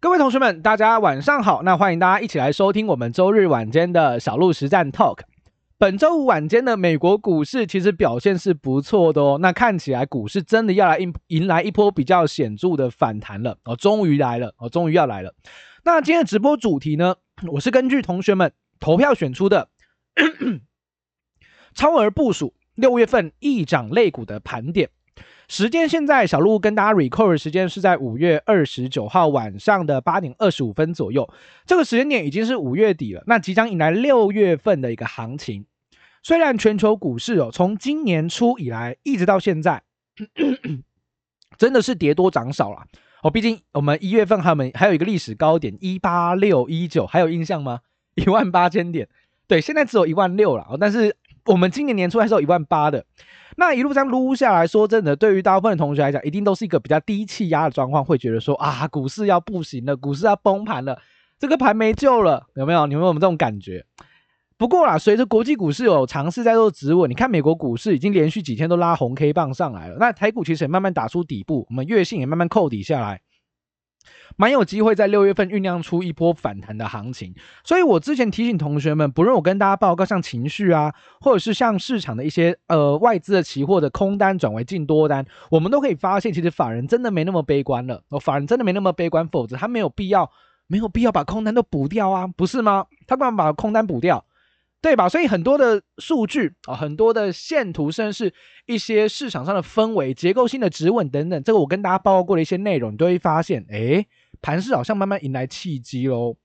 各位同學們，大家晚上好。那歡迎大家一起來收聽我們周日晚間的小路實戰 Talk。本周五晚間的美國股市其實表現是不錯的哦。那看起來股市真的要來迎迎來一波比較顯著的反彈了哦，終於來了哦，終於要來了。那今天的直播主題呢，我是根據同學們投票選出的， 超前部署六月份易漲類股的盤點。時間現在，小路跟大家 record 的時間是在五月二十九號晚上的八點二十五分左右。這個時間點已經是五月底了，那即將迎來六月份的一個行情。雖然全球股市哦，從今年初以來一直到現在，咳咳咳真的是跌多漲少了哦。畢竟我們一月份還有沒，還有一個歷史高點一八六一九，6, 19, 還有印象嗎？一萬八千點，對，現在只有一萬六了哦，但是。我們今年年初還是有一萬八的，那一路這樣擼下來，說真的，對於大部分的同學來講，一定都是一個比較低氣壓的狀況，會覺得說啊，股市要不行了，股市要崩盤了，這個盤沒救了，有沒有？你有沒有這種感覺？不過啦，隨着國際股市有嘗試在做止穩，你看美國股市已經連續幾天都拉紅 K 棒上來了，那台股其實也慢慢打出底部，我們月線也慢慢扣底下來。蠻有機會在六月份醞釀出一波反彈的行情，所以我之前提醒同學們，不論我跟大家報告，像情緒啊，或者是像市場的一些呃外資的期貨的空單轉為淨多單，我們都可以發現，其實法人真的沒那麼悲觀了，法人真的沒那麼悲觀，否則他沒有必要沒有必要把空單都補掉啊，不是嗎？他幹嘛把空單補掉？對吧？所以很多的數據啊、哦，很多的線圖，甚至是一些市場上的氛圍，結構性的指穩等等，這個我跟大家報告過的一些內容，你都會發現，誒。盤勢好像慢慢迎來契機嘍。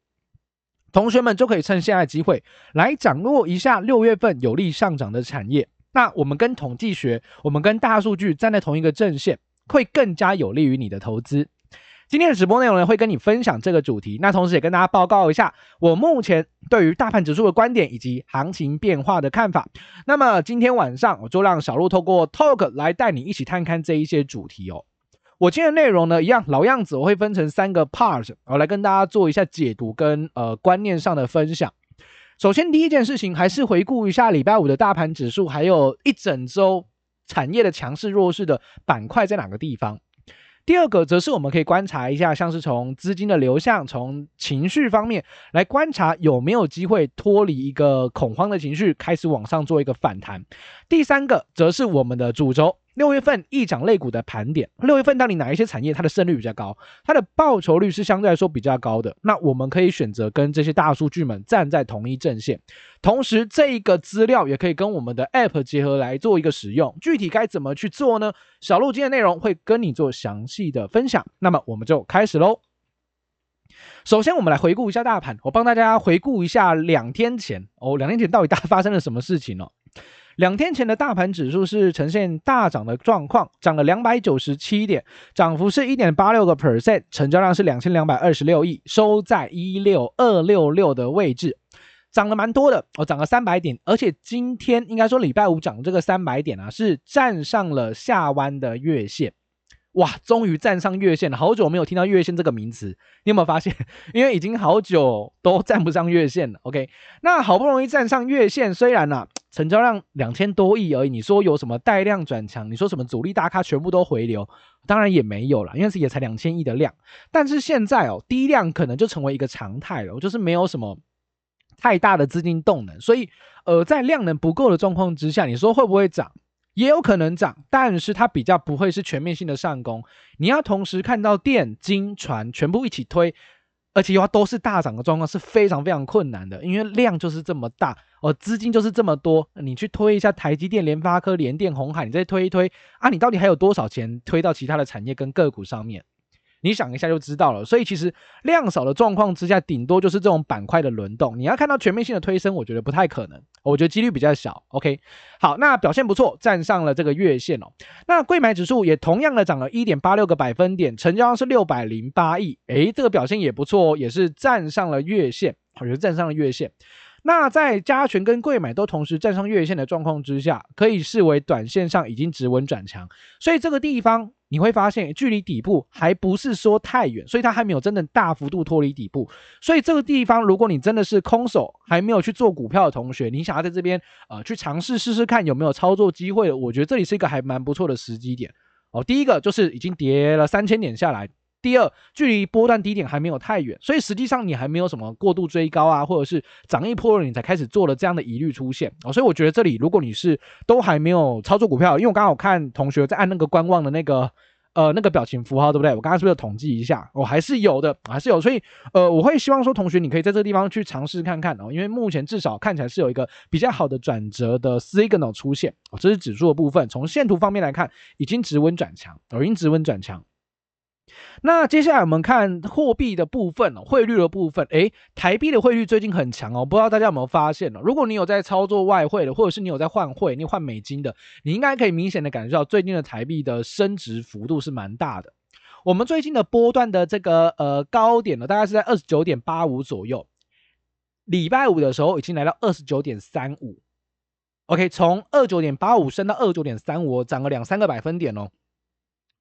同學們就可以趁現在的機會來掌握一下六月份有利上漲的產業。那我們跟統計學，我們跟大數據站在同一個陣線，會更加有利於你的投資。今天的直播內容呢，會跟你分享這個主題，那同時也跟大家報告一下我目前對於大盤指數的觀點以及行情變化的看法。那麼今天晚上，我就讓小路透過 talk 來帶你一起探看這一些主題哦。我今天的內容呢，一樣老樣子，我會分成三個 part，我來跟大家做一下解讀跟呃觀念上的分享。首先第一件事情，還是回顧一下禮拜五的大盤指數，還有一整週產業的強勢弱勢的板塊在哪個地方。第二個則是我們可以觀察一下，像是從資金的流向，從情緒方面來觀察有沒有機會脫離一個恐慌的情緒，開始往上做一個反彈。第三個則是我們的主軸。六月份易漲類股的盤點，六月份到底哪一些產業它的勝率比較高，它的報酬率是相對來說比較高的，那我們可以選擇跟這些大數據們站在同一陣線，同時這一個資料也可以跟我們的 APP 結合來做一個使用，具體該怎麼去做呢？小路今天的內容會跟你做詳細的分享，那麼我們就開始嘍。首先我們來回顧一下大盤，我幫大家回顧一下兩天前哦，兩天前到底大家發生了什麼事情哦？兩天前的大盤指數是呈現大漲的狀況，漲了兩百九十七點，漲幅是一點八六個 percent，成交量是兩千兩百二十六億，收在一六二六六的位置，漲了蠻多的，哦漲了三百點，而且今天應該說禮拜五漲這個三百點啊，是站上了下彎的月線。哇，終於站上月線了！好久沒有聽到月線這個名詞，你有沒有發現？因為已經好久都站不上月線了。OK，那好不容易站上月線，雖然呢、啊，成交量兩千多億而已。你說有什麼帶量轉強？你說什麼主力大咖全部都回流？當然也沒有了，因為是也才兩千億的量。但是現在哦，低量可能就成為一個常態了，就是沒有什麼太大的資金動能。所以，呃，在量能不夠的狀況之下，你說會不會漲？也有可能漲，但是它比較不會是全面性的上攻。你要同時看到電、金、船全部一起推，而且的話都是大漲的狀況是非常非常困難的，因為量就是這麼大，哦，資金就是這麼多，你去推一下台積電、聯發科、聯電、鴻海，你再推一推啊，你到底還有多少錢推到其他的產業跟個股上面？你想一下就知道了，所以其實量少的狀況之下，頂多就是這種板塊的輪動。你要看到全面性的推升，我覺得不太可能，我覺得幾率比較小。OK，好，那表現不錯，站上了這個月線哦。那櫃買指數也同樣的漲了一點八六個百分點，成交量是六百零八億。誒，這個表現也不錯哦，也是站上了月線，我覺得站上了月線。那在加權跟櫃買都同時站上月線的狀況之下，可以視為短線上已經止穩轉強，所以這個地方你會發現距離底部還不是說太遠，所以它還沒有真的大幅度脫離底部，所以這個地方如果你真的是空手還沒有去做股票的同學，你想要在這邊呃去嘗試試試看有沒有操作機會，我覺得這裡是一個還蠻不錯的時機點。哦，第一個就是已經跌了三千點下來。第二，距離波段低點還沒有太遠，所以實際上你還沒有什麼過度追高啊，或者是漲一波了你才開始做了這樣的疑慮出現哦，所以我覺得這裡如果你是都還沒有操作股票，因為我剛剛看同學在按那個觀望的那個呃那個表情符號，對不對？我剛剛是不是有統計一下？我、哦、還是有的，還是有，所以呃，我會希望說同學你可以在這個地方去嘗試看看哦，因為目前至少看起來是有一個比較好的轉折的 signal 出現、哦、這是指數的部分，從線圖方面來看，已經止穩轉強，已經止穩轉強。那接下來我們看貨幣的部分哦，匯率的部分，誒，台幣的匯率最近很強哦，不知道大家有沒有發現哦、喔，如果你有在操作外匯的，或者是你有在換匯，你換美金的，你應該可以明顯的感覺到最近的台幣的升值幅度是蠻大的。我們最近的波段的這個呃高點呢，大概是在二十九點八五左右，禮拜五的時候已經來到二十九點三五，OK，從二九點八五升到二九點三五，漲了兩三個百分點哦、喔，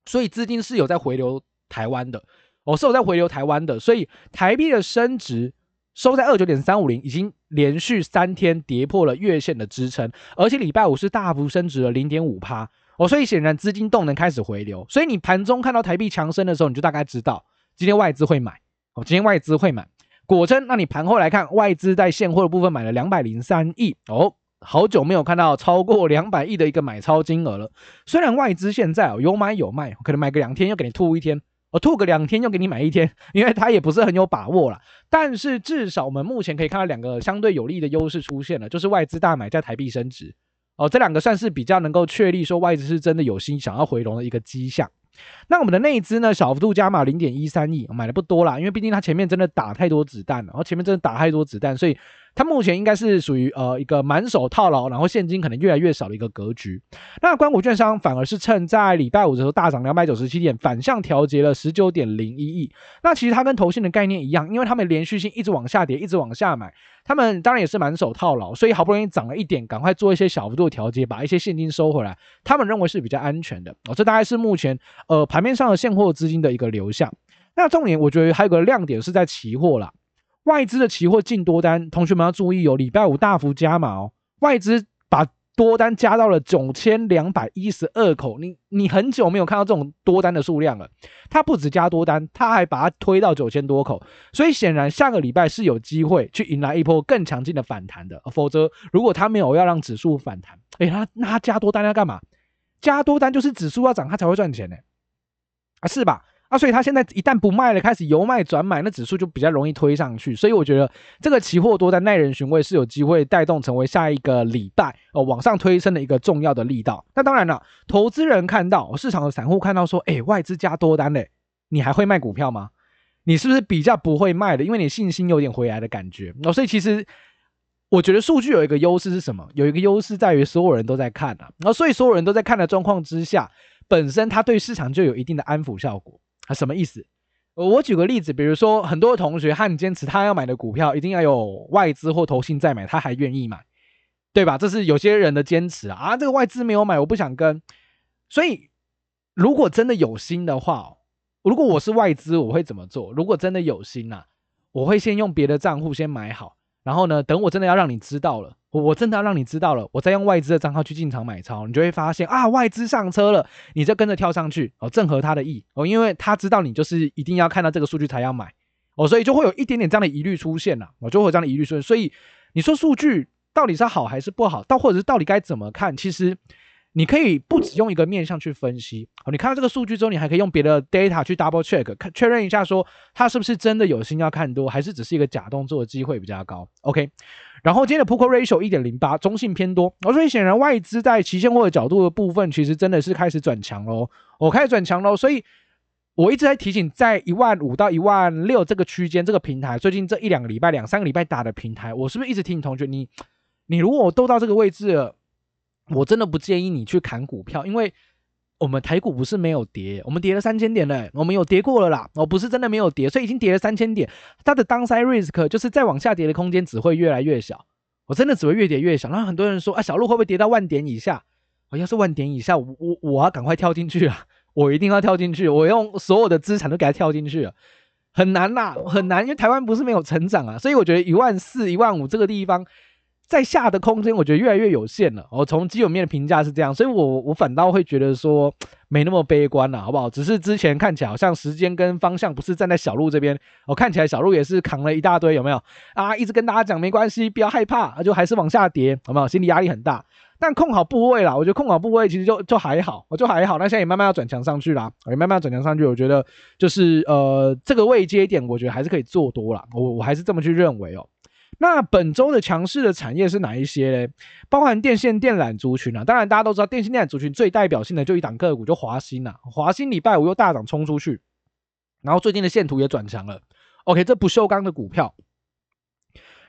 所以資金是有在回流。台灣的哦，是有在回流台灣的，所以台幣的升值收在二九點三五零，已經連續三天跌破了月線的支撐，而且禮拜五是大幅升值了零點五趴哦，所以顯然資金動能開始回流，所以你盤中看到台幣強升的時候，你就大概知道今天外資會買哦，今天外資會買。果真，那你盤後來看，外資在現貨的部分買了兩百零三億哦，好久沒有看到超過兩百億的一個買超金額了。雖然外資現在哦有買有賣，可能買個兩天又給你吐一天。我吐個兩天，又給你買一天，因為它也不是很有把握啦。但是至少我們目前可以看到兩個相對有利的優勢出現了，就是外資大買在台幣升值。哦，這兩個算是比較能夠確立說外資是真的有心想要回籠的一個跡象。那我們的內資呢，小幅度加碼零點一三億，買的不多啦，因為畢竟它前面真的打太多子彈了，然後前面真的打太多子彈，所以。它目前應該是屬於呃一個滿手套牢，然後現金可能越來越少的一個格局。那官股券商反而是趁在禮拜五的時候大漲兩百九十七點，反向調節了十九點零一億。那其實它跟投信的概念一樣，因為他們連續性一直往下跌，一直往下買，他們當然也是滿手套牢，所以好不容易漲了一點，趕快做一些小幅度調節，把一些現金收回來，他們認為是比較安全的。哦，這大概是目前呃盤面上的現貨資金的一個流向。那重點我覺得還有個亮點是在期貨啦。外資的期貨淨多單，同學們要注意哦，有禮拜五大幅加碼哦。外資把多單加到了九千兩百一十二口，你你很久沒有看到這種多單的數量了。它不止加多單，它還把它推到九千多口，所以顯然下個禮拜是有機會去迎來一波更強勁的反彈的。否則，如果它沒有要讓指數反彈，欸，那那它加多單要幹嘛？加多單就是指數要漲，它才會賺錢呢，欸，啊，是吧？那、啊、所以，他現在一旦不賣了，開始由賣轉買，那指數就比較容易推上去。所以我覺得這個期貨多單耐人尋味，是有機會帶動成為下一個禮拜哦往上推升的一個重要的力道。那當然了，投資人看到、哦、市場的散戶看到說，哎，外資加多單呢，你還會賣股票嗎？你是不是比較不會賣的？因為你信心有點回來的感覺。那、哦、所以，其實我覺得數據有一個優勢是什麼？有一個優勢在於所有人都在看啊。然後、哦，所以所有人都在看的狀況之下，本身他對市場就有一定的安撫效果。啊，什麼意思？我舉個例子，比如說很多同學他很堅持，他要買的股票一定要有外資或投信再買，他還願意買，對吧？這是有些人的堅持啊、啊。這個外資沒有買，我不想跟。所以，如果真的有心的話，如果我是外資，我會怎麼做？如果真的有心吶、啊，我會先用別的賬戶先買好。然後呢，等我真的要讓你知道了，我我真的要讓你知道了，我再用外資的賬號去進場買超，你就會發現啊，外資上車了，你就跟着跳上去哦，正合他的意哦，因為他知道你就是一定要看到這個數據才要買哦，所以就會有一點點這樣的疑慮出現了、啊，我就會有這樣的疑慮出現，所以你說數據到底是好還是不好，到或者是到底該怎麼看，其實。你可以不只用一個面向去分析哦。你看到這個數據之後，你還可以用別的 data 去 double check 確認一下說，說他是不是真的有心要看多，還是只是一個假動作的機會比較高。OK，然後今天的 Put Call Ratio 一點零八，中性偏多。哦，所以顯然外資在期現貨角度的部分，其實真的是開始轉強嘍，我開始轉強嘍。所以我一直在提醒，在一萬五到一萬六這個區間，這個平台最近這一兩個禮拜、兩三個禮拜打的平台，我是不是一直提醒同學，你你如果我都到這個位置了？我真的不建議你去砍股票，因為我們台股不是沒有跌，我們跌了三千點了，欸，我們有跌過了啦，我不是真的沒有跌，所以已經跌了三千點，它的 downside risk 就是再往下跌的空間只會越來越小，我真的只會越跌越小。然後很多人說啊，小路會不會跌到萬點以下？我、啊、要是萬點以下，我、我、我要趕快跳進去啊，我一定要跳進去，我用所有的資產都給它跳進去了，很難吶，很難，因為台灣不是沒有成長啊，所以我覺得一萬四、一萬五這個地方，在下的空間，我覺得越來越有限了。我從基本面的評價是這樣，所以我我反倒會覺得說沒那麼悲觀了啊，好不好？只是之前看起來好像時間跟方向不是站在小路這邊，我看起來小路也是扛了一大堆，有沒有啊？一直跟大家講沒關係，不要害怕，就還是往下跌，有沒有？心理壓力很大，但控好部位啦，我覺得控好部位其實就就還好，我就還好。那現在也慢慢要轉強上去啦，也慢慢要轉強上去，我覺得就是呃這個位階點，我覺得還是可以做多啦。我我還是這麼去認為哦。那本周的強勢的產業是哪一些呢？包含電線電纜族群啊，當然大家都知道電線電纜族群最代表性的就一檔個股就華新啦。華新禮拜五又大漲衝出去，然後最近的線圖也轉強了。OK，這不鏽鋼的股票，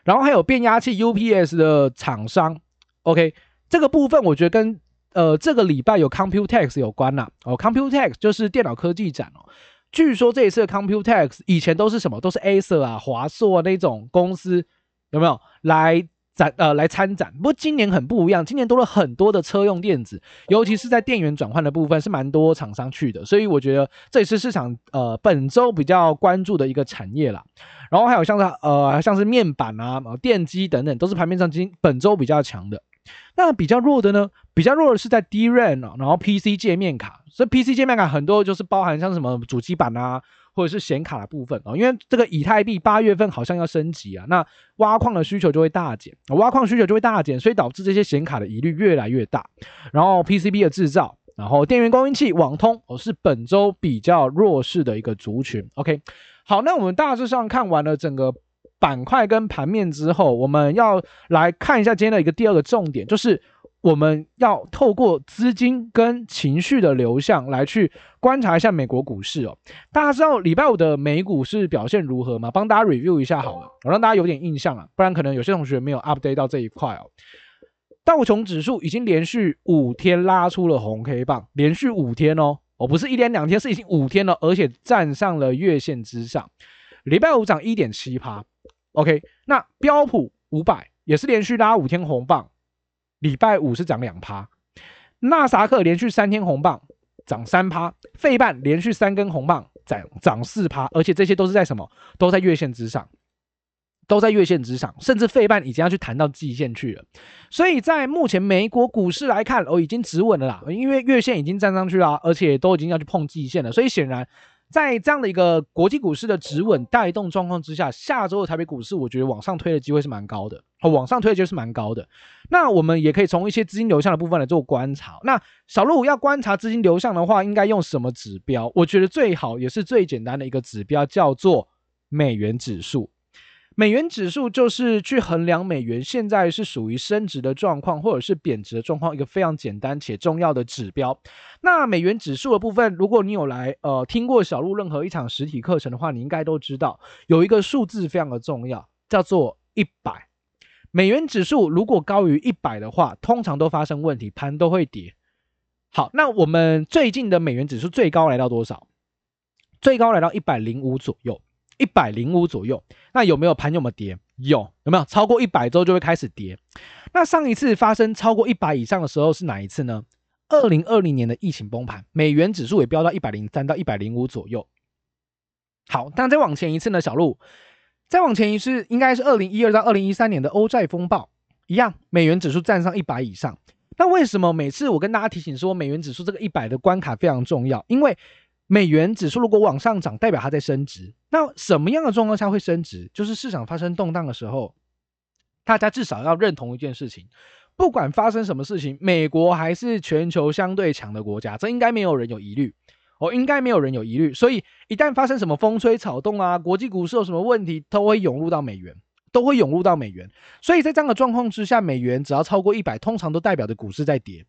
然後還有變壓器 UPS 的廠商。OK，這個部分我覺得跟呃這個禮拜有 Computex 有關啦、啊。哦，Computex 就是電腦科技展哦。據說這一次的 Computex 以前都是什麼？都是 Acer 啊、華碩、啊、那種公司。有沒有來展？呃，來參展？不過今年很不一樣，今年多了很多的車用電子，尤其是在電源轉換的部分是蠻多廠商去的，所以我覺得這也是市場呃本周比較關注的一個產業啦。然後還有像它，呃像是面板啊、電機等等，都是盤面上今本周比較強的。那比較弱的呢？比較弱的是在 DRAM，啊，然後 P C 介面卡。所以 P C 介面卡很多就是包含像什麼主機板啊。或者是顯卡的部分哦，因為這個以太幣八月份好像要升級啊，那挖礦的需求就會大減，挖礦需求就會大減，所以導致這些顯卡的疑慮越來越大。然後 PCB 的制造，然後電源供應器、網通哦，是本周比較弱勢的一個族群。OK，好，那我們大致上看完了整個。板塊跟盤面之後，我們要來看一下今天的一個第二個重點，就是我們要透過資金跟情緒的流向來去觀察一下美國股市哦。大家知道禮拜五的美股是表現如何嗎？幫大家 review 一下好了，我讓大家有點印象啊，不然可能有些同學沒有 update 到這一塊哦。道瓊指數已經連續五天拉出了紅 K 棒，連續五天哦，哦不是一天兩天，是已經五天了，而且站上了月線之上。禮拜五漲一點七趴。OK，那標普五百也是連續拉五天紅棒，禮拜五是漲兩趴，納薩克連續三天紅棒漲三趴，費半連續三根紅棒漲漲四趴，而且這些都是在什麼？都在月線之上，都在月線之上，甚至費半已經要去彈到季線去了。所以在目前美國股市來看，哦已經止穩了啦，因為月線已經站上去了，而且都已經要去碰季線了，所以顯然。在這樣的一個國際股市的止穩帶動狀況之下，下周的台北股市，我覺得往上推的機會是蠻高的，哦，往上推的機會是蠻高的。那我們也可以從一些資金流向的部分來做觀察。那小路要觀察資金流向的話，應該用什麼指標？我覺得最好也是最簡單的一個指標，叫做美元指數。美元指數就是去衡量美元現在是屬於升值的狀況，或者是貶值的狀況，一個非常簡單且重要的指標。那美元指數的部分，如果你有來呃聽過小路任何一場實體課程的話，你應該都知道有一個數字非常的重要，叫做一百。美元指數如果高於一百的話，通常都發生問題，盤都會跌。好，那我們最近的美元指數最高來到多少？最高來到一百零五左右。一百零五左右，那有沒有盤有沒有跌？有，有沒有超過一百週就會開始跌？那上一次發生超過一百以上的時候是哪一次呢？二零二零年的疫情崩盤，美元指數也飆到一百零三到一百零五左右。好，那再往前一次呢？小路再往前一次應該是二零一二到二零一三年的歐債風暴一樣，美元指數站上一百以上。那為什麼每次我跟大家提醒說美元指數這個一百的關卡非常重要？因為美元指數如果往上漲，代表它在升值。那什麼樣的狀況下會升值？就是市場發生動盪的時候，大家至少要認同一件事情：不管發生什麼事情，美國還是全球相對強的國家，這應該沒有人有疑慮哦，應該沒有人有疑慮。所以一旦發生什麼風吹草動啊，國際股市有什麼問題，都會湧入到美元，都會湧入到美元。所以在這樣的狀況之下，美元只要超過一百，通常都代表着股市在跌。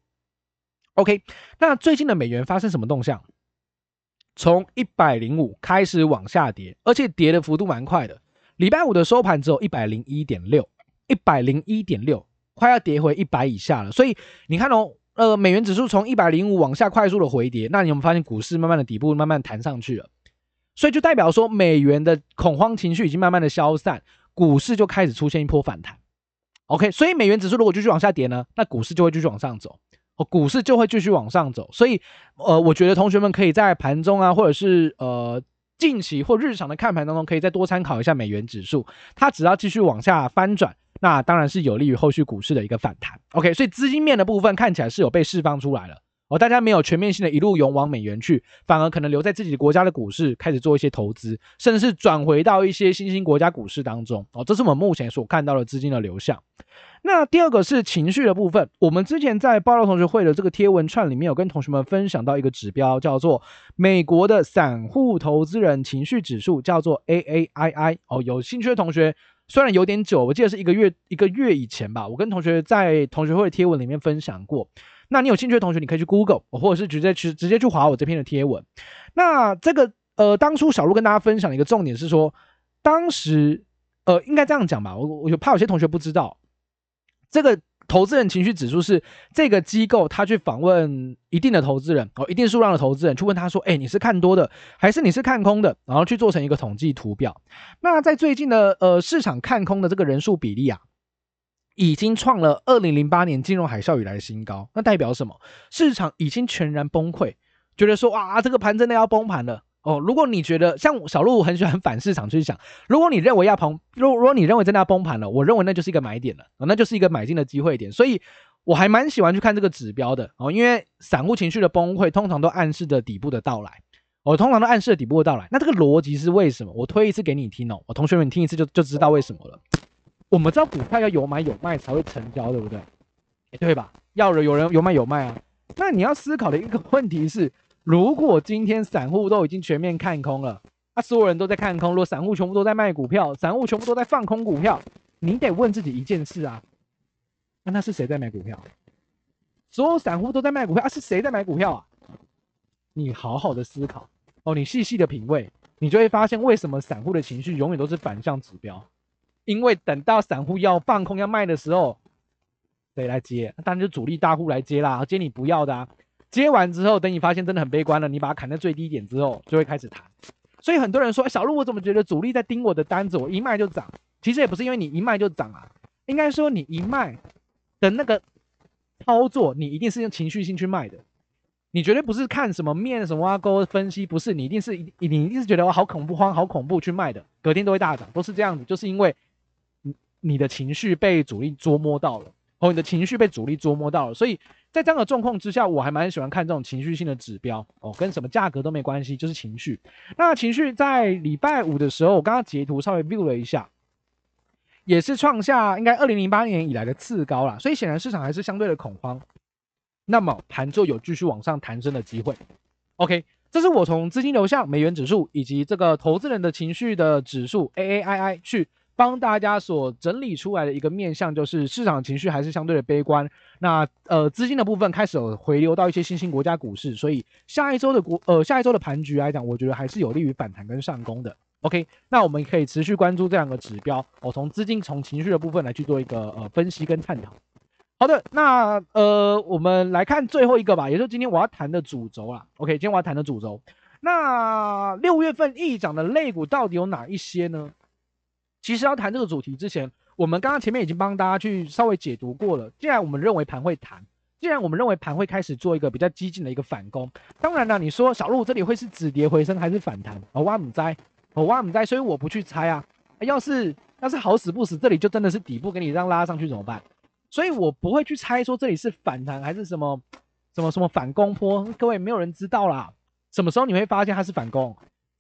OK，那最近的美元發生什麼動向？從一百零五開始往下跌，而且跌的幅度蠻快的。禮拜五的收盤只有一百零一點六，一百零一點六，快要跌回一百以下了。所以你看哦，呃，美元指數從一百零五往下快速的回跌，那你有沒有發現股市慢慢的底部慢慢彈上去了？所以就代表說美元的恐慌情緒已經慢慢的消散，股市就開始出現一波反彈。OK，所以美元指數如果繼續往下跌呢，那股市就會繼續往上走。哦，股市就會繼續往上走，所以，呃，我覺得同學們可以在盤中啊，或者是呃近期或日常的看盤當中，可以再多參考一下美元指數，它只要繼續往下翻轉，那當然是有利於後續股市的一個反彈。OK，所以資金面的部分看起來是有被釋放出來了。哦，大家沒有全面性的一路湧往美元去，反而可能留在自己國家的股市開始做一些投資，甚至是轉回到一些新興國家股市當中。哦，這是我們目前所看到的資金的流向。那第二個是情緒的部分，我們之前在爆料同學會的這個貼文串裡面有跟同學們分享到一個指標，叫做美國的散戶投資人情緒指數，叫做 AAII。哦，有興趣的同學，雖然有點久，我記得是一個月一個月以前吧，我跟同學在同學會的貼文裡面分享過。那你有興趣的同學，你可以去 Google，或者是直接去直接去划我這篇的貼文。那這個呃，當初小路跟大家分享的一個重點是說，當時呃，應該這樣講吧，我我就怕有些同學不知道，這個投資人情緒指數是這個機構他去訪問一定的投資人，哦，一定數量的投資人去問他說，哎，你是看多的還是你是看空的，然後去做成一個統計圖表。那在最近的呃市場看空的這個人數比例啊。已經創了二零零八年金融海嘯以來的新高，那代表什麼？市場已經全然崩潰，覺得說哇，這個盤真的要崩盤了哦。如果你覺得像小路很喜歡反市場去、就是、想，如果你認為要崩，如如果你認為真的要崩盤了，我認為那就是一個買點了，哦、那就是一個買進的機會點。所以我還蠻喜歡去看這個指標的哦，因為散戶情緒的崩潰通常都暗示着底部的到來，我、哦、通常都暗示着底部的到來。那這個邏輯是為什麼？我推一次給你聽哦，哦同學們，你聽一次就就知道為什麼了。我們知道股票要有買有賣才會成交，對不對？欸、對吧？要有人有買有賣啊。那你要思考的一個問題是：如果今天散戶都已經全面看空了，啊，所有人都在看空，如果散戶全部都在賣股票，散戶全部都在放空股票，你得問自己一件事啊：啊那是誰在買股票？所有散戶都在賣股票啊，是誰在買股票啊？你好好的思考哦，你細細的品味，你就會發現為什麼散戶的情緒永遠都是反向指標。因為等到散戶要放空要賣的時候，誰來接？當然就主力大戶來接啦，接你不要的。啊，接完之後，等你發現真的很悲觀了，你把它砍在最低點之後，就會開始彈。所以很多人說：“小路，我怎麼覺得主力在盯我的單子？我一賣就漲。”其實也不是因為你一賣就漲啊，應該說你一賣的那個操作，你一定是用情緒性去賣的，你絕對不是看什麼面什麼溝分析，不是，你一定是你一定是覺得我好恐怖慌，好恐怖去賣的，隔天都會大漲，都是這樣子，就是因為。你的情緒被主力捉摸到了，哦，你的情緒被主力捉摸到了，所以在這樣的狀況之下，我還蠻喜歡看這種情緒性的指標，哦，跟什麼價格都沒關係，就是情緒。那情緒在禮拜五的時候，我剛剛截圖稍微 view 了一下，也是創下應該二零零八年以來的次高了，所以顯然市場還是相對的恐慌，那麼盤就有繼續往上彈升的機會。OK，這是我從資金流向、美元指數以及這個投資人的情緒的指數 A A I I 去幫大家所整理出來的一個面向，就是市場情緒還是相對的悲觀。那呃，資金的部分開始有回流到一些新興國家股市，所以下一周的股呃，下一周的盤局來講，我覺得還是有利於反彈跟上攻的。OK，那我們可以持續關注這兩個指標，我、哦、從資金、從情緒的部分來去做一個呃分析跟探討。好的，那呃，我們來看最後一個吧，也就是今天我要談的主軸啦。OK，今天我要談的主軸，那六月份易漲的類股到底有哪一些呢？其實要談這個主題之前，我們剛剛前面已經幫大家去稍微解讀過了。既然我們認為盤會彈，既然我們認為盤會開始做一個比較激進的一個反攻，當然了，你說小路這裡會是止跌回升還是反彈？我挖母栽，我挖母栽，所以我不去猜啊。要是要是好死不死，這裡就真的是底部給你這樣拉上去怎麼辦？所以我不會去猜說這裡是反彈還是什麼什麼什麼反攻坡。各位沒有人知道啦。什麼時候你會發現它是反攻？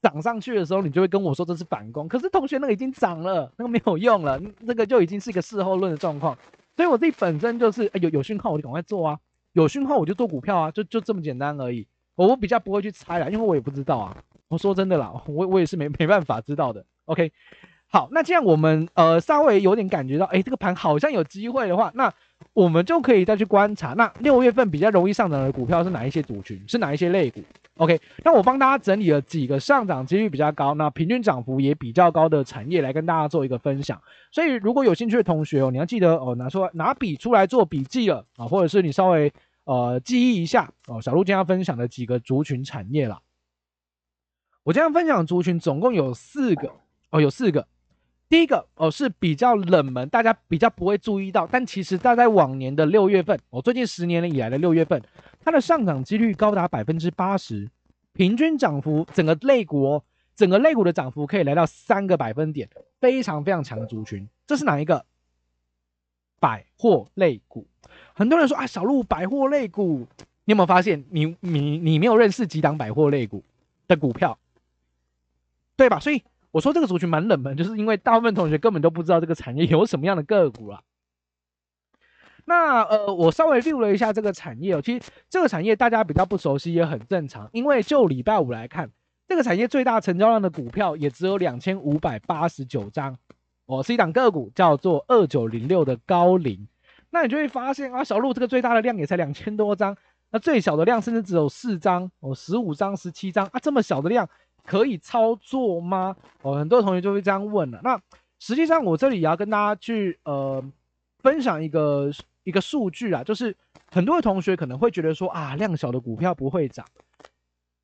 漲上去的時候，你就會跟我說這是反攻。可是同學，那個已經漲了，那個沒有用了，那個就已經是一個事後論的狀況。所以我自己本身就是，欸、有有訊號我就趕快做啊，有訊號我就做股票啊，就就這麼簡單而已。我比較不會去猜了，因為我也不知道啊。我說真的啦，我我也是沒沒辦法知道的。OK，好，那既然我們呃稍微有點感覺到，哎、欸，這個盤好像有機會的話，那。我們就可以再去觀察，那六月份比較容易上漲的股票是哪一些族群，是哪一些類股？OK，那我幫大家整理了幾個上漲機率比較高，那平均漲幅也比較高的產業來跟大家做一個分享。所以如果有興趣的同學哦，你要記得哦，拿出來，拿筆出來做筆記了啊，哦，或者是你稍微呃記憶一下哦，小路今天要分享的幾個族群產業啦。我今天分享的族群總共有四個哦，有四個。第一個哦是比較冷門，大家比較不會注意到，但其實大概往年的六月份，我、哦、最近十年以來的六月份，它的上漲幾率高達百分之八十，平均漲幅整個類股、哦，整個類股的漲幅可以來到三個百分點，非常非常強的族群，這是哪一個？百貨類股，很多人說啊，小路百貨類股，你有沒有發現你，你你你沒有認識幾檔百貨類股的股票，對吧？所以。我說這個族群蠻冷門，就是因為大部分同學根本都不知道這個產業有什麼樣的個股啊。那呃，我稍微溜了一下這個產業、哦，其實這個產業大家比較不熟悉也很正常，因為就禮拜五來看，這個產業最大成交量的股票也只有兩千五百八十九張、哦，是一檔個股叫做二九零六的高林。那你就會發現啊，小路這個最大的量也才兩千多張，那最小的量甚至只有四張哦，十五張、十七張啊，這麼小的量。可以操作嗎？哦，很多同學就會這樣問了、啊。那實際上，我這裡也要跟大家去呃分享一個一個數據啊，就是很多的同學可能會覺得說啊，量小的股票不會漲。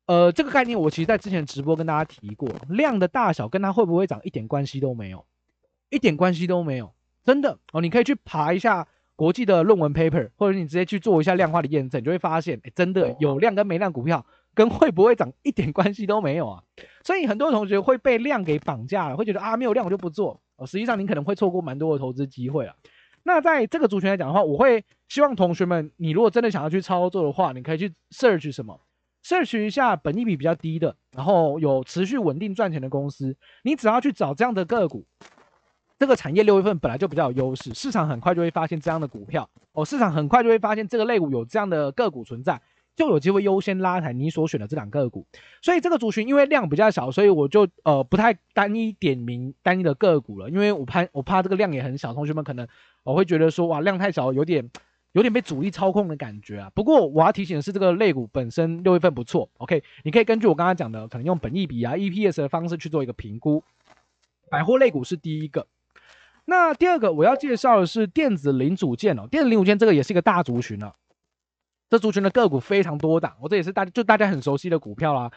呃，這個概念我其實在之前直播跟大家提過，量的大小跟它會不會漲一點關係都沒有，一點關係都沒有，真的哦。你可以去爬一下國際的論文 paper，或者你直接去做一下量化的驗證，你就會發現，哎、欸，真的有量跟沒量股票。跟會不會漲一點關係都沒有啊，所以很多同學會被量給綁架了，會覺得啊，沒有量我就不做哦。實際上你可能會錯過蠻多的投資機會啊。那在這個族群來講的話，我會希望同學們，你如果真的想要去操作的話，你可以去 search 什麼，search 一下本益比比較低的，然後有持續穩定賺錢的公司，你只要去找這樣的個股，這個產業六月份本來就比較有優勢，市場很快就會發現這樣的股票哦，市場很快就會發現這個類股有這樣的個股存在。就有機會優先拉抬你所選的這兩個股，所以這個族群因為量比較小，所以我就呃不太單一點名單一的個股了，因為我怕我怕這個量也很小，同學們可能我會覺得說哇量太小，有點有點被主力操控的感覺啊。不過我要提醒的是，這個類股本身六月份不錯，OK，你可以根據我剛剛講的，可能用本益比啊、e、EPS 的方式去做一個評估。百貨類股是第一個，那第二個我要介紹的是電子零組件哦，電子零組件這個也是一個大族群了、啊。這族群的個股非常多的我，哦，這也是大就大家很熟悉的股票啦，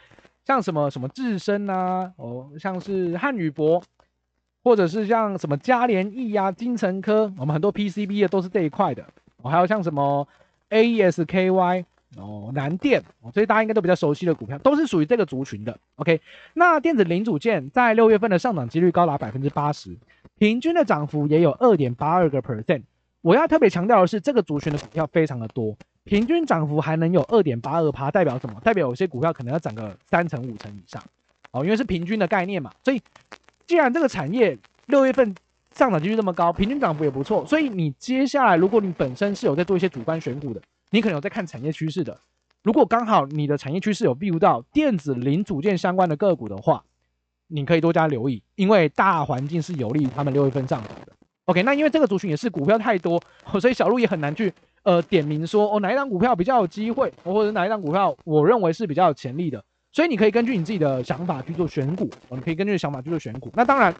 像什麼什麼智深啊，哦，像是瀚宇博，或者是像什麼嘉聯益啊、精成科，我們很多 PCB 的都是這一塊的，哦，還有像什麼 ASKY 哦、南電、哦，所以大家應該都比較熟悉的股票，都是屬於這個族群的。OK，那電子零組件在六月份的上漲幾率高達百分之八十，平均的漲幅也有二點八二個 percent。我要特別強調的是，這個族群的股票非常的多。平均漲幅還能有二點八二趴，代表什麼？代表有些股票可能要漲個三成五成以上。哦，因為是平均的概念嘛，所以既然這個產業六月份上漲機率這麼高，平均漲幅也不錯，所以你接下來如果你本身是有在做一些主觀選股的，你可能有在看產業趨勢的，如果剛好你的產業趨勢有進入到電子零組件相關的個股的話，你可以多加留意，因為大環境是有利他們六月份上漲的。OK，那因為這個族群也是股票太多，哦，所以小路也很難去。呃，點名說哦，哪一檔股票比較有機會，哦、或者是哪一檔股票我認為是比較有潛力的，所以你可以根據你自己的想法去做選股。我、哦、你可以根據你的想法去做選股。那當然，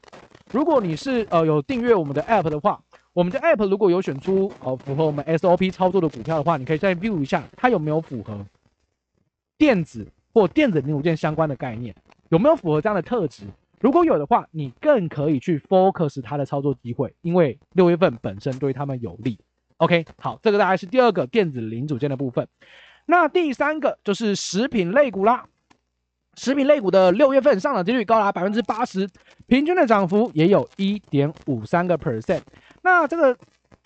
如果你是呃有訂閱我們的 App 的話，我們的 App 如果有選出呃、哦、符合我們 SOP 操作的股票的話，你可以再 view 一下它有沒有符合電子或電子零組件相關的概念，有沒有符合這樣的特質。如果有的話，你更可以去 focus 它的操作機會，因為六月份本身對他們有利。OK，好，這個大概是第二個電子零組件的部分。那第三個就是食品類股啦。食品類股的六月份上漲幾率高達百分之八十，平均的漲幅也有一點五三個 percent。那這個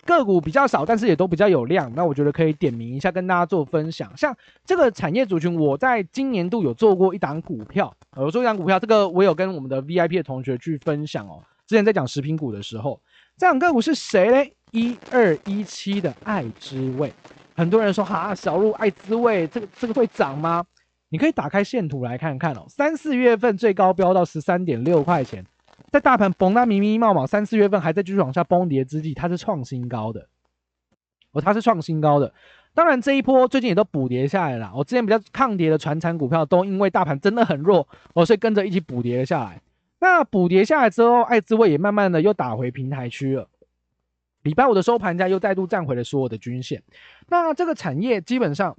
個股比較少，但是也都比較有量。那我覺得可以點名一下，跟大家做分享。像這個產業族群，我在今年度有做過一檔股票，呃，有做一檔股票，這個我有跟我們的 VIP 的同學去分享哦。之前在講食品股的時候，這檔個股是誰嘞？一二一七的愛之味，很多人說哈，小路愛之味這個這個會漲嗎？你可以打開線圖來看看哦。三四月份最高飆到十三點六塊錢，在大盤崩得迷迷冒冒，三四月份還在繼續往下崩跌之際，它是創新高的，哦，它是創新高的。當然這一波最近也都補跌下來了。我、哦、之前比較抗跌的傳產股票，都因為大盤真的很弱，哦，所以跟着一起補跌了下來。那補跌下來之後，愛之味也慢慢的又打回平台區了。禮拜五的收盤價又再度站回了所有的均線，那這個產業基本上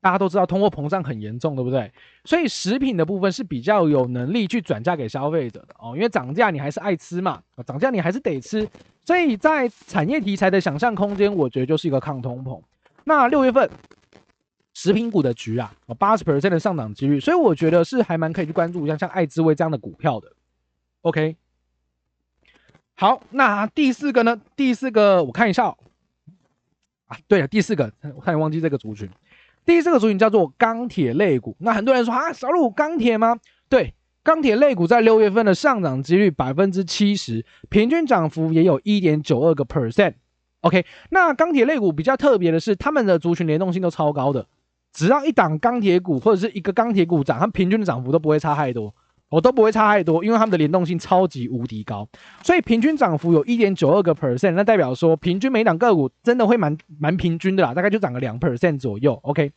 大家都知道，通貨膨脹很嚴重，對不對？所以食品的部分是比較有能力去轉嫁給消費者的哦，因為漲價你還是愛吃嘛，漲價你還是得吃，所以在產業題材的想象空間，我覺得就是一個抗通膨。那六月份食品股的局啊，八十%的上漲幾率，所以我覺得是還蠻可以去關注一下，像愛之味這樣的股票的。OK。好，那第四個呢？第四個我看一下、哦、啊，對了，第四個我差點忘記這個族群。第四個族群叫做鋼鐵類股。那很多人說啊，小路鋼鐵嗎？對，鋼鐵類股在六月份的上漲幾率百分之七十，平均漲幅也有一點九二個 percent。OK，那鋼鐵類股比較特別的是，他們的族群聯動性都超高的，只要一檔鋼鐵股或者是一個鋼鐵股漲，它們平均的漲幅都不會差太多。我、哦、都不會差太多，因為他們的聯動性超級無敵高，所以平均漲幅有一點九二個 percent，那代表說平均每一檔個股真的會蠻蠻平均的啦，大概就漲個兩 percent 左右。OK，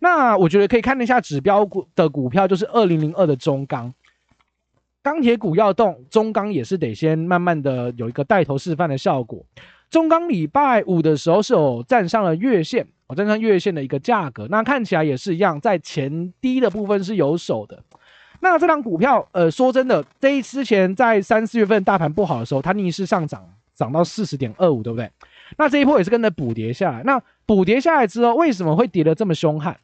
那我覺得可以看一下指標股的股票，就是二零零二的中鋼。鋼鐵股要動，中鋼也是得先慢慢的有一個帶頭示範的效果。中鋼禮拜五的時候是有站上了月線，哦，站上月線的一個價格，那看起來也是一樣，在前低的部分是有守的。那這檔股票，呃，說真的，這一之前在三四月份大盤不好的時候，它逆勢上漲，漲到四十點二五，對不對？那這一波也是跟着補跌下來。那補跌下來之後，為什麼會跌得這麼兇悍？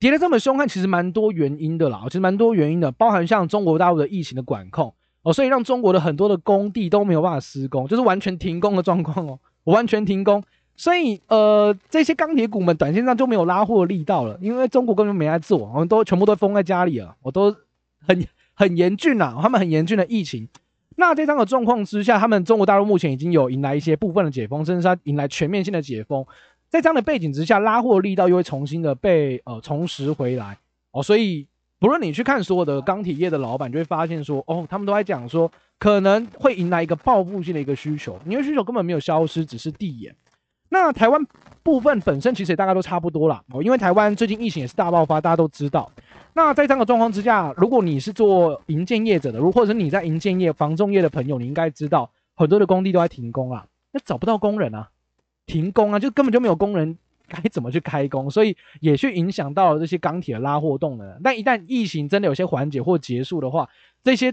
跌得這麼兇悍，其實蠻多原因的啦，其實蠻多原因的，包含像中國大陸的疫情的管控哦，所以讓中國的很多的工地都沒有辦法施工，就是完全停工的狀況哦，完全停工。所以，呃，這些鋼鐵股們短線上就沒有拉貨的力道了，因為中國根本沒在做，我們都全部都封在家裡了，我都很很嚴峻吶、啊，他們很嚴峻的疫情。那在這樣的狀況之下，他們中國大陸目前已經有迎來一些部分的解封，甚至是它迎來全面性的解封。在這樣的背景之下，拉貨的力道又會重新的被呃重拾回來哦。所以，不論你去看所有的鋼鐵業的老闆，就會發現說，哦，他們都在講說，可能會迎來一個報復性的一個需求，因為需求根本沒有消失，只是遞延。那台灣部分本身其實也大概都差不多啦，哦，因為台灣最近疫情也是大爆發，大家都知道。那在這樣的狀況之下，如果你是做營建業者的，或者是你在營建業、房仲業的朋友，你應該知道很多的工地都在停工啊，那找不到工人啊，停工啊，就根本就沒有工人，該怎麼去開工？所以也去影響到了這些鋼鐵的拉貨動能。但一旦疫情真的有些緩解或結束的話，這些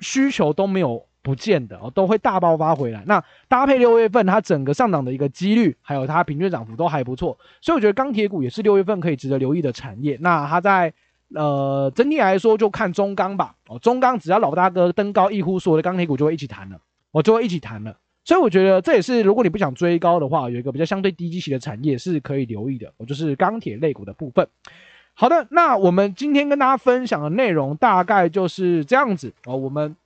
需求都沒有。不見得哦，都會大爆發回來。那搭配六月份，它整個上漲的一個幾率，還有它平均漲幅都還不錯，所以我覺得鋼鐵股也是六月份可以值得留意的產業。那它在呃整體來說，就看中鋼吧。哦，中鋼只要老大哥登高一呼，所有的鋼鐵股就會一起彈了，哦，就會一起彈了。所以我覺得這也是，如果你不想追高的話，有一個比較相對低基期的產業是可以留意的。我、哦、就是鋼鐵類股的部分。好的，那我們今天跟大家分享的內容大概就是這樣子哦，我們。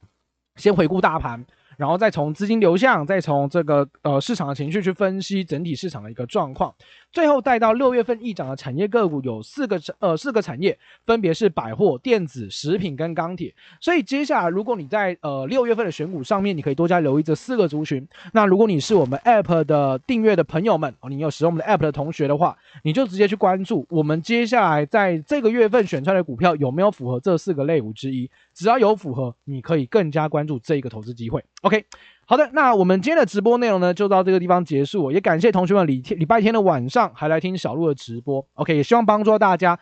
先回顧大盤，然後再從資金流向，再從這個呃市場的情緒去分析整體市場的一個狀況。最後帶到六月份易漲的產業個股有四個呃，四個產業分別是百貨、電子、食品跟鋼鐵。所以接下來，如果你在呃六月份的選股上面，你可以多加留意這四個族群。那如果你是我們 APP 的訂閱的朋友們，哦，你有使用我們的 APP 的同學的話，你就直接去關注我們接下來在這個月份選出來的股票有沒有符合這四個類股之一。只要有符合，你可以更加關注這一個投資機會。OK。好的，那我們今天的直播內容呢，就到這個地方結束。也感謝同學們禮天禮拜天的晚上還來聽小鹿的直播。OK，也希望幫助到大家。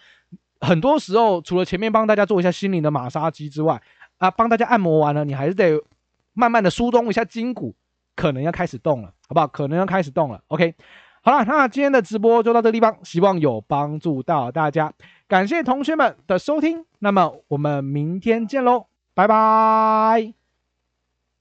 很多時候，除了前面幫大家做一下心靈的馬殺雞之外，啊，幫大家按摩完了，你還是得慢慢的疏通一下筋骨，可能要開始動了，好不好？可能要開始動了。OK，好了，那今天的直播就到這個地方，希望有幫助到大家，感謝同學們的收聽。那麼我們明天見嘍，拜拜。